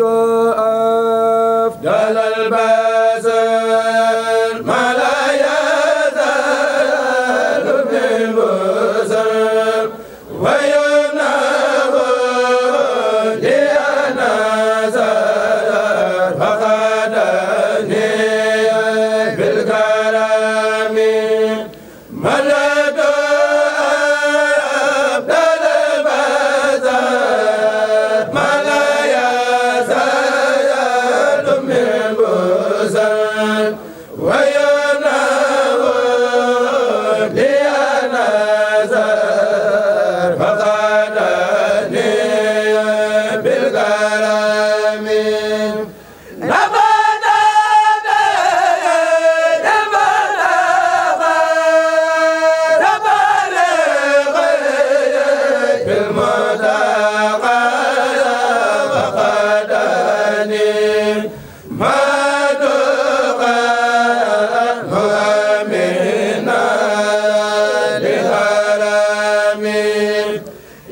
أفضل الباب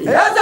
yaa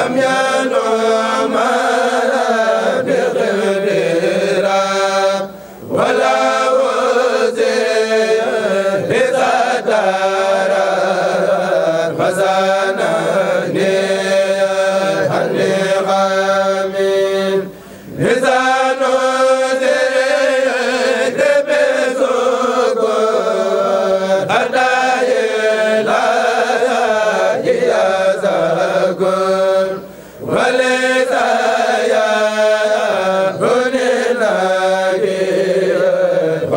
lam ya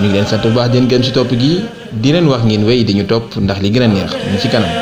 ñu ngi leen sant bu baax di leen ci topp gi di leen wax ngeen wéy di ñu topp ndax li gën a neex ñu ci kanam.